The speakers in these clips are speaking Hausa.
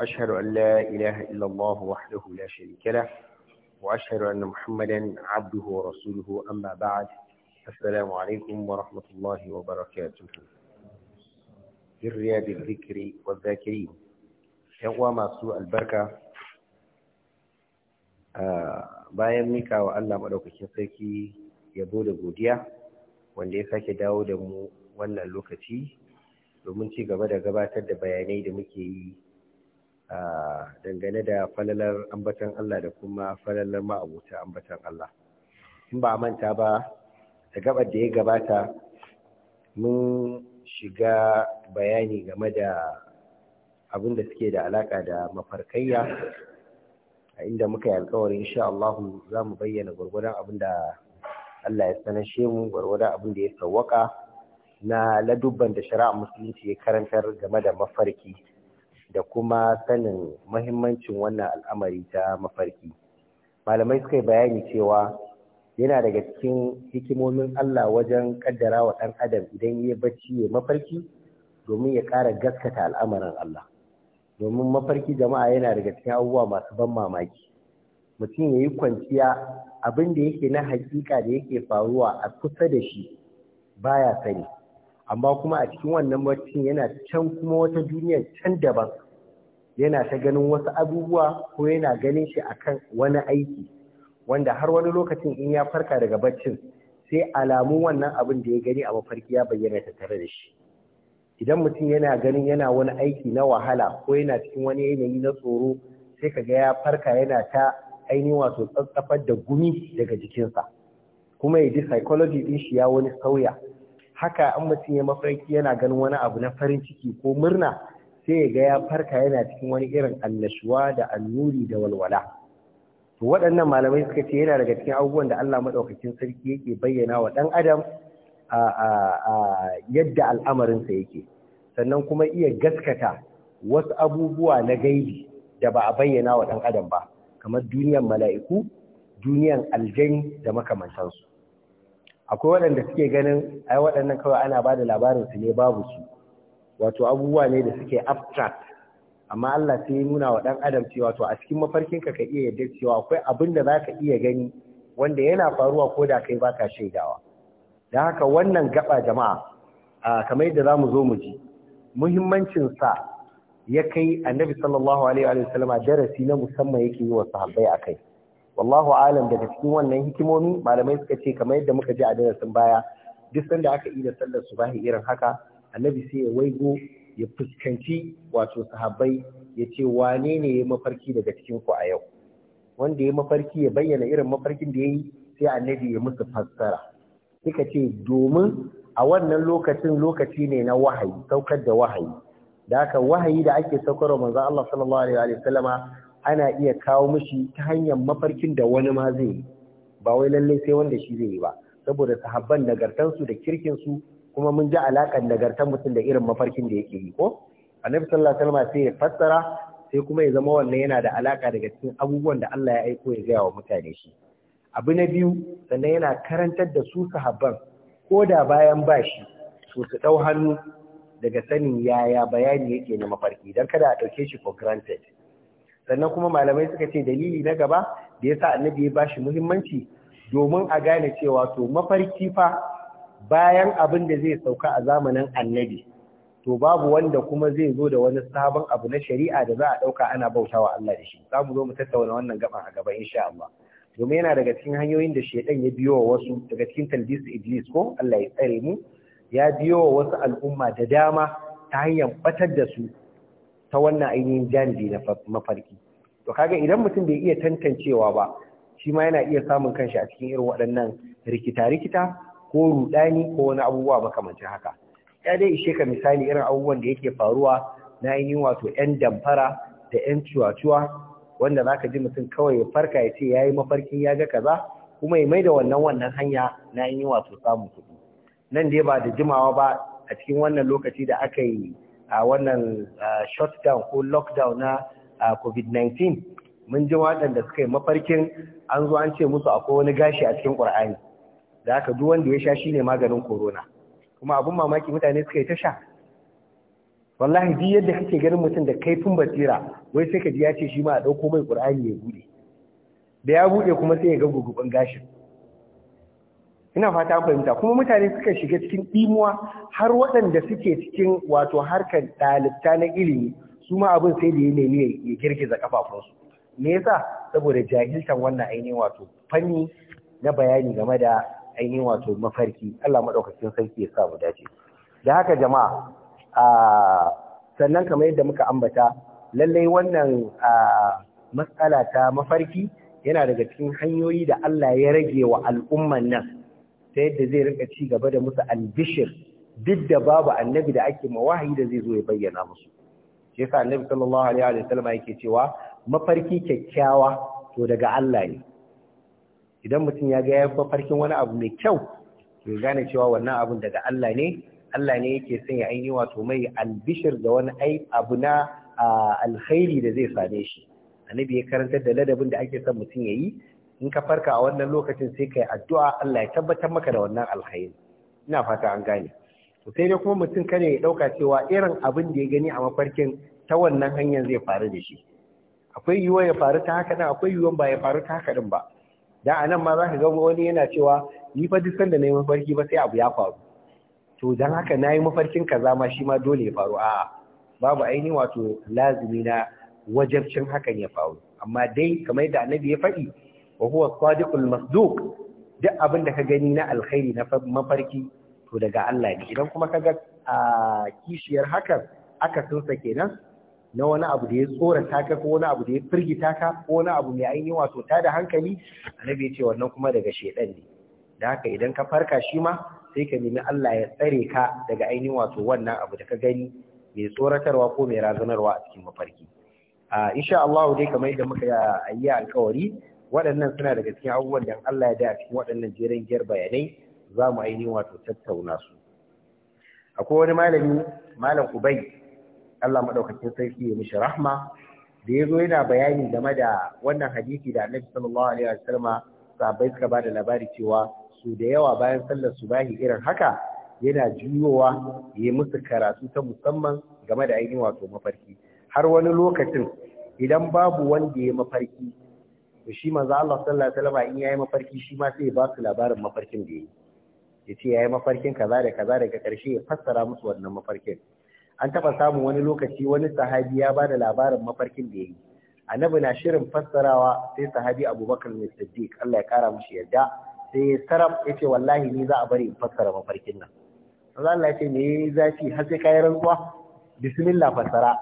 وأشهد أن لا إله إلا الله وحده لا شريك له وأشهد أن محمدا عبده ورسوله أما بعد السلام عليكم ورحمة الله وبركاته في رياض الذكر والذاكرين يقوى ما سوء البركة bayan mika wa Allah maɗaukakin sarki yabo da godiya wanda ya sake dawo da mu wannan lokaci domin ci gaba da gabatar da bayanai da muke yi dangane da falalar ambatan Allah da kuma falalar ma'abuta ambatan Allah in ba manta ba da gabar da ya gabata mun shiga bayani game da abin da suke da alaka da mafarkayya a inda muka yi alkawarin insha Allah za mu bayyana gwargwadon abin da Allah ya shi mu gwargwadon abin da ya sawwaka na ladubban da shari'a musulunci ya karantar game da mafarki da kuma sanin muhimmancin wannan al'amari ta mafarki malamai suka yi bayani cewa yana daga cikin hikimomin Allah wajen kaddara wa ɗan adam idan ya bacci ya mafarki domin ya ƙara gaskata al'amarin Allah domin mafarki jama'a yana daga cikin abubuwa masu ban mamaki mutum ya yi kwanciya abin da yake na hakika da yake faruwa a kusa da shi baya sani amma kuma a cikin wannan barcin yana can kuma wata duniya can daban yana ta ganin wasu abubuwa ko yana ganin shi akan wani aiki wanda har wani lokacin in ya farka daga barcin sai alamu wannan abin da ya gani a mafarki ya bayyana ta tare da shi idan mutum yana ganin yana wani aiki na wahala ko yana cikin wani yanayi na tsoro sai kaga ya farka yana ta ainihin wato tsatsafar da gumi daga jikinsa kuma ya ji psychology din shi ya wani sauya haka an mutum ya mafarki yana ganin wani abu na farin ciki ko murna sai ya ga ya farka yana cikin wani irin annashuwa da annuri da walwala to waɗannan malamai suka ce yana daga cikin abubuwan da Allah madaukakin sarki yake bayyana wa ɗan adam a yadda al'amarinsa yake sannan kuma iya gaskata wasu abubuwa na gaibi da ba a bayyana wa ɗan adam ba kamar duniyar mala'iku duniyar aljani da makamantansu akwai waɗanda suke ganin ai waɗannan kawai ana ba da labarin su ne babu su wato abubuwa ne da suke abstract amma Allah sai ya nuna wa ɗan adam cewa to a cikin mafarkin ka ka iya yadda cewa akwai abin da za iya gani wanda yana faruwa ko da kai baka shaidawa da haka wannan gaba jama'a kamar yadda za mu zo mu ji muhimmancinsa ya kai annabi sallallahu alaihi wa sallama darasi na musamman yake yi wa sahabbai a kai wallahu alam daga cikin wannan hikimomi malamai suka ce kamar yadda muka ji a darasin baya duk sanda aka yi da sallar subahi irin haka annabi sai ya waigo ya fuskanci wato sahabbai ya ce wane ne ya mafarki daga cikin ku a yau wanda ya mafarki ya bayyana irin mafarkin da ya yi sai annabi ya musu fassara suka ce domin a wannan lokacin lokaci ne na wahayi saukar da wahayi da haka wahayi da ake saukar manzo Allah sallallahu alaihi wa sallama ana iya kawo mishi ta hanyar mafarkin da wani ma zai yi ba wai lallai sai wanda shi zai yi ba saboda sahabban nagartansu da kirkin su, kuma mun ji alaƙar nagartan mutum da irin mafarkin da yake yi ko annabi sallallahu alaihi wasallam sai ya fassara sai kuma ya zama wannan yana da alaƙa daga cikin abubuwan da Allah ya aiko ya gaya wa mutane shi abu na biyu sannan yana karantar da su sahabban ko da bayan bashi su su ɗau hannu daga sanin yaya bayani yake na mafarki don kada a ɗauke shi for granted sannan kuma malamai suka ce dalili na gaba da yasa annabi ya bashi muhimmanci domin a gane cewa to mafarki fa bayan abin da zai sauka a zamanin annabi to babu wanda kuma zai zo da wani sabon abu na shari'a da za a ɗauka ana bauta wa Allah da shi za mu zo mu tattauna wannan gaban a gaba insha Allah domin yana daga cikin hanyoyin da shedan ya biyo wa wasu daga cikin talbis iblis ko Allah ya tsare mu ya biyo wa wasu al'umma da dama ta hanyar batar da su ta wannan ainihin janibi na mafarki to kaga idan mutum bai iya tantancewa ba shi ma yana iya samun kanshi a cikin irin waɗannan rikita-rikita ko rudani ko wani abubuwa makamancin haka ya dai ishe ka misali irin abubuwan da yake faruwa na ainihin wato 'yan damfara da 'yan ciwaciwa wanda za ka ji mutum kawai ya farka ya ce ya yi mafarkin ya ga kaza kuma ya mai da wannan wannan hanya na ainihin wato samun kuɗi nan dai ba da jimawa ba a cikin wannan lokaci da aka yi a wannan shutdown ko lockdown na covid-19 mun ji waɗanda suka yi mafarkin an zo an ce musu akwai wani gashi a cikin ƙur'ani da aka duk wanda ya sha shi ne maganin corona kuma abin mamaki mutane suka yi ta sha wallahi duk yadda kake ganin mutum da kaifin basira wai sai ka ji ya ce shi ma a ɗauko mai ƙur'ani ya buɗe da ya buɗe kuma sai ya ga gugubin gashin ina fata an fahimta kuma mutane suka shiga cikin ɗimuwa har waɗanda suke cikin wato harkar ɗalibta na ilimi su ma abin sai da ya nemi ya girgiza kafafunsu me yasa saboda jahiltan wannan ainihin wato fanni na bayani game da ainihin wato mafarki Allah madaukakin sarki ya sa mu dace da haka jama'a a sannan kamar yadda muka ambata lallai wannan matsala ta mafarki yana daga cikin hanyoyi da Allah ya rage wa al'umman nan ta yadda zai rinka ci gaba da musu albishir duk da babu annabi da ake mawahi da zai zo ya bayyana musu shi yasa annabi sallallahu alaihi wa sallam yake cewa mafarki kyakkyawa to daga Allah ne idan mutum ya ga ya mafarkin wani abu mai kyau to gane cewa wannan abun daga Allah ne Allah ne yake son ya ainihi wato mai albishir da wani abu na alkhairi da zai same shi annabi ya karantar da ladabin da ake son mutum ya yi in ka farka a wannan lokacin sai ka yi addu'a Allah ya tabbatar maka da wannan alkhairi ina fata an gane to sai dai kuma mutum kane ya dauka cewa irin abin da ya gani a mafarkin ta wannan hanyar zai faru da shi akwai yiwuwa ya faru ta haka din akwai yiwuwa ba ya faru ta haka din ba Dan a ma za ka ga wani yana cewa ni fa duk sanda na mafarki ba sai abu ya faru to dan haka na yi mafarkin kaza ma shi ma dole ya faru a'a babu ainihin wato lazimi na wajabcin hakan ya faru amma dai kamar da annabi ya faɗi wa huwa sadiqul masduq duk abin da ka gani na alkhairi na mafarki to daga Allah ne idan kuma kaga a kishiyar hakan aka sunsa kenan na wani abu da ya tsorata ka ko wani abu da ya firgita ka ko wani abu mai ainihin wato ta da hankali annabi ya ce wannan kuma daga shedan ne da haka idan ka farka shi ma sai ka nemi Allah ya tsare ka daga ainihin wato wannan abu da ka gani mai tsoratarwa ko mai razanarwa a cikin mafarki a insha Allah dai kamar yadda muka yi alkawari waɗannan suna daga cikin abubuwan da Allah ya da cikin waɗannan jerin giyar bayanai za mu ainihin wato tattauna su akwai wani malami malam ubai Allah madaukakin sarki ya mishi rahma da ya zo yana bayani game da wannan hadisi da annabi sallallahu alaihi wasallam sabai suka ba da labari cewa su da yawa bayan sallar subahi irin haka yana juyowa ya yi musu karatu ta musamman game da ainihin wato mafarki har wani lokacin idan babu wanda ya yi mafarki to shi manzo Allah sallallahu alaihi wasallam in yayi mafarki shi ma sai ya ba su labarin mafarkin da yayi yace yayi mafarkin kaza da kaza daga karshe ya fassara musu wannan mafarkin an taba samun wani lokaci wani sahabi ya ba da labarin mafarkin da yayi annabi na shirin fassarawa sai sahabi Abubakar ne Siddiq Allah ya kara mishi yarda sai ya sarab yace wallahi ni za a bari in fassara mafarkin nan Allah Allah yace me zafi har sai kai rantsuwa bismillah fassara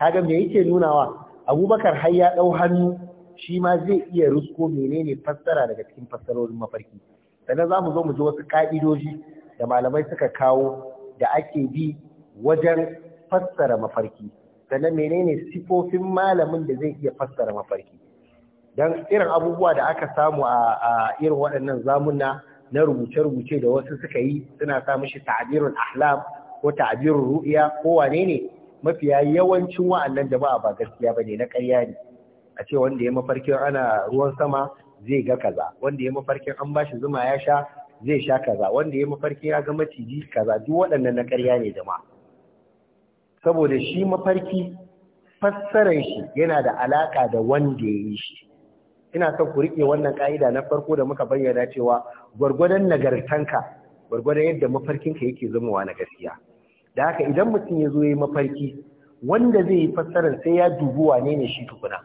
kaga me yake nunawa Abubakar har ya dau hannu shi ma zai iya rusko menene fassara daga cikin fassarorin mafarki sannan za mu zo mu ji wasu ka'idoji da malamai suka kawo da ake bi wajen fassara mafarki sannan menene sifofin malamin da zai iya fassara mafarki don irin abubuwa da aka samu a irin waɗannan zamuna na rubuce-rubuce da wasu suka yi suna sa mishi ta'abirul ahlam ko ta'abirul ru'iya ko wane ne mafiya yawancin wa'annan da ba a ba gaskiya bane na ƙarya ne a ce wanda ya mafarkin ana ruwan sama zai ga kaza wanda ya mafarkin an bashi zuma ya sha zai sha kaza wanda ya mafarkin ya ga maciji kaza duk waɗannan na ƙarya ne jama'a saboda shi mafarki fassarar shi yana da alaka da wanda ya yi shi ina son ku riƙe wannan ƙa'ida na farko da muka bayyana cewa gwargwadon nagartanka gwargwadon yadda mafarkin mafarkinka yake zamowa na gaskiya da haka idan mutum ya zo ya yi mafarki wanda zai yi fassarar sai ya dubi wane ne shi tukuna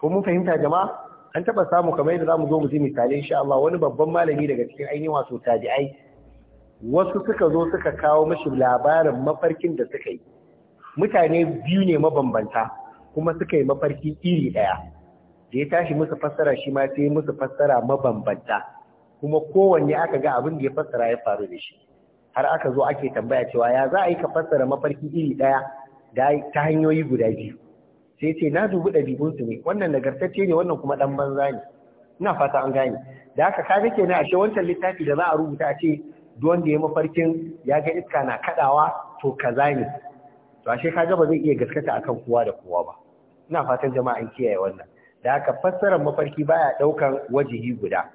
ko mun fahimta jama'a an taba samu kamar yadda zamu zo mu ji misalai insha Allah wani babban malami daga cikin ainihin wato tabi'ai wasu suka zo suka kawo mishi labarin mafarkin da suka yi mutane biyu ne mabambanta kuma suka yi mafarki iri daya da ya tashi musu fassara shi ma sai musu fassara mabambanta kuma kowanne aka ga abin da ya fassara ya faru da shi har aka zo ake tambaya cewa ya za a yi ka fassara mafarki iri daya ta hanyoyi guda biyu sai ce na dubi su ne wannan nagartacce ne wannan kuma ɗan banza ne ina fata an gane da haka ka ga kenan ashe wancan littafi da za a rubuta a ce duk wanda ya mafarkin ya ga iska na kaɗawa to kaza ne to ashe ka ga ba zai iya gaskata akan kowa da kowa ba ina fatan jama'a an kiyaye wannan da haka fassarar mafarki baya ɗaukan wajihi guda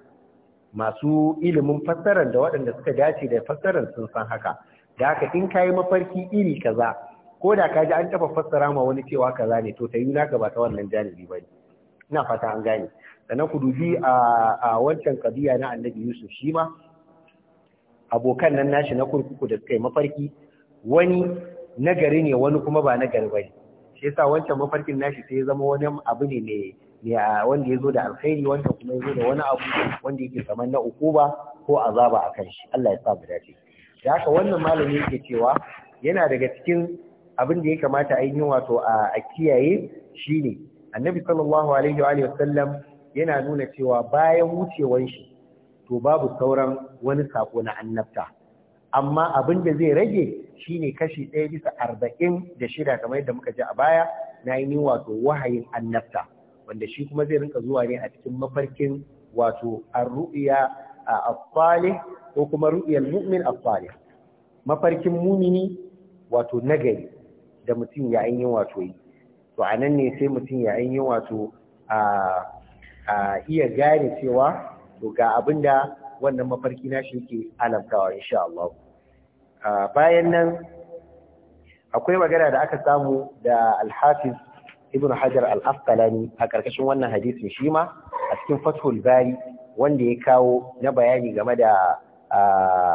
masu ilimin fassarar da waɗanda suka dace da fassarar sun san haka da haka in kayi mafarki iri kaza ko da ka ji an taba fassara ma wani cewa kaza ne to ta yi naka ba ta wannan janibi ba ne ina fata an gane sannan ku dubi a wancan kabiya na annabi yusuf shi ma abokan nan nashi na kurkuku da suka yi mafarki wani nagari ne wani kuma ba nagari ba ne shi yasa wancan mafarkin nashi sai ya zama wani abu ne ne wanda ya zo da alkhairi wanda kuma ya zo da wani abu wanda yake zaman na uku ba, ko azaba a kan shi Allah ya sa mu dace da haka wannan malami yake cewa yana daga cikin abin da ya kamata a yi wato a kiyaye shine annabi sallallahu alaihi wa alihi wasallam yana nuna cewa bayan wucewan shi to babu sauran wani sako na annabta amma abin da zai rage shine kashi ɗaya bisa arba'in da shida kamar yadda muka ji a baya na yi wato wahayin annabta wanda shi kuma zai rinka zuwa ne a cikin mafarkin wato ar-ru'ya a afali ko kuma ru'yal mu'min afali mafarkin mumini wato nagari da mutum ya yin wato yi to a nan ne sai mutum ya yi wato a iya gane cewa to ga abin da wannan mafarki na shi yake alamtawa insha Allah bayan nan akwai magana da aka samu da alhafiz ibn hajar al-asqalani a karkashin wannan hadisin shi ma a cikin fathul bari wanda ya kawo na bayani game da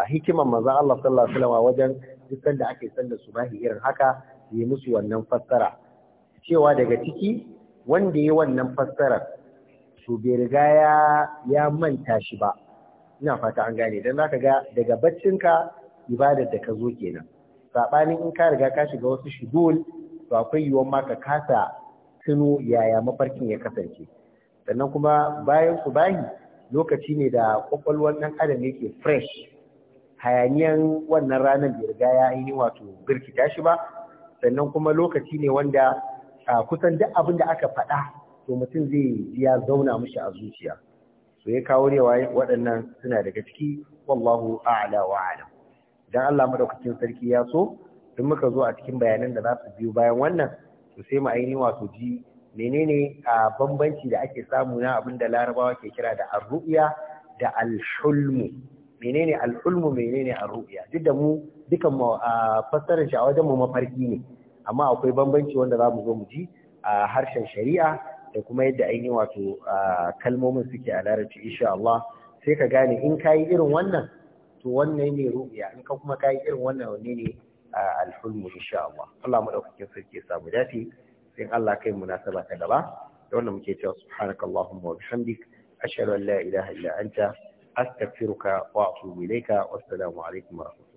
hikiman manzon Allah sallallahu alaihi wajen dukkan da ake sanda subahi irin haka yi musu wannan fassara cewa daga ciki wanda ya wannan fassarar to bai riga ya manta shi ba ina fata an gane don zaka ga daga baccinka ibadar da ka zo kenan sabanin in ka riga ka shiga wasu shigul to akwai yiwuwar ma ka kasa tuno yaya mafarkin ya kasance sannan kuma bayan ku bayi lokaci ne da kwakwalwar ɗan adam yake fresh hayaniyan wannan ranar bai riga ya yi wato birkita shi ba sannan kuma lokaci ne wanda kusan duk abin da aka faɗa to mutum zai ya zauna mishi a zuciya so ya kawo rewa waɗannan suna daga ciki wallahu a'la wa a'la dan Allah madaukakin sarki ya so in muka zo a cikin bayanan da za su biyo bayan wannan to sai mu ainihin wato ji menene a bambanci da ake samu na abin da larabawa ke kira da arru'ya da al alhulmu menene al'ulmu menene ru'ya duk da mu dukan mu a fassarar shi a wajen mu mafarki ne amma akwai bambanci wanda za mu zo mu ji a harshen shari'a da kuma yadda yi wato kalmomin suke a larabci insha Allah sai ka gane in kayi irin wannan to wannan ne ru'ya in ka kuma kayi irin wannan wanne ne alhulmu insha Allah Allah mu dauke sarki ke samu dace sai Allah kai munasaba ta gaba da wannan muke cewa subhanakallahumma wa bihamdik ashhadu an la ilaha illa anta astaghfiruka wa atubu ilayka wassalamu alaikum wa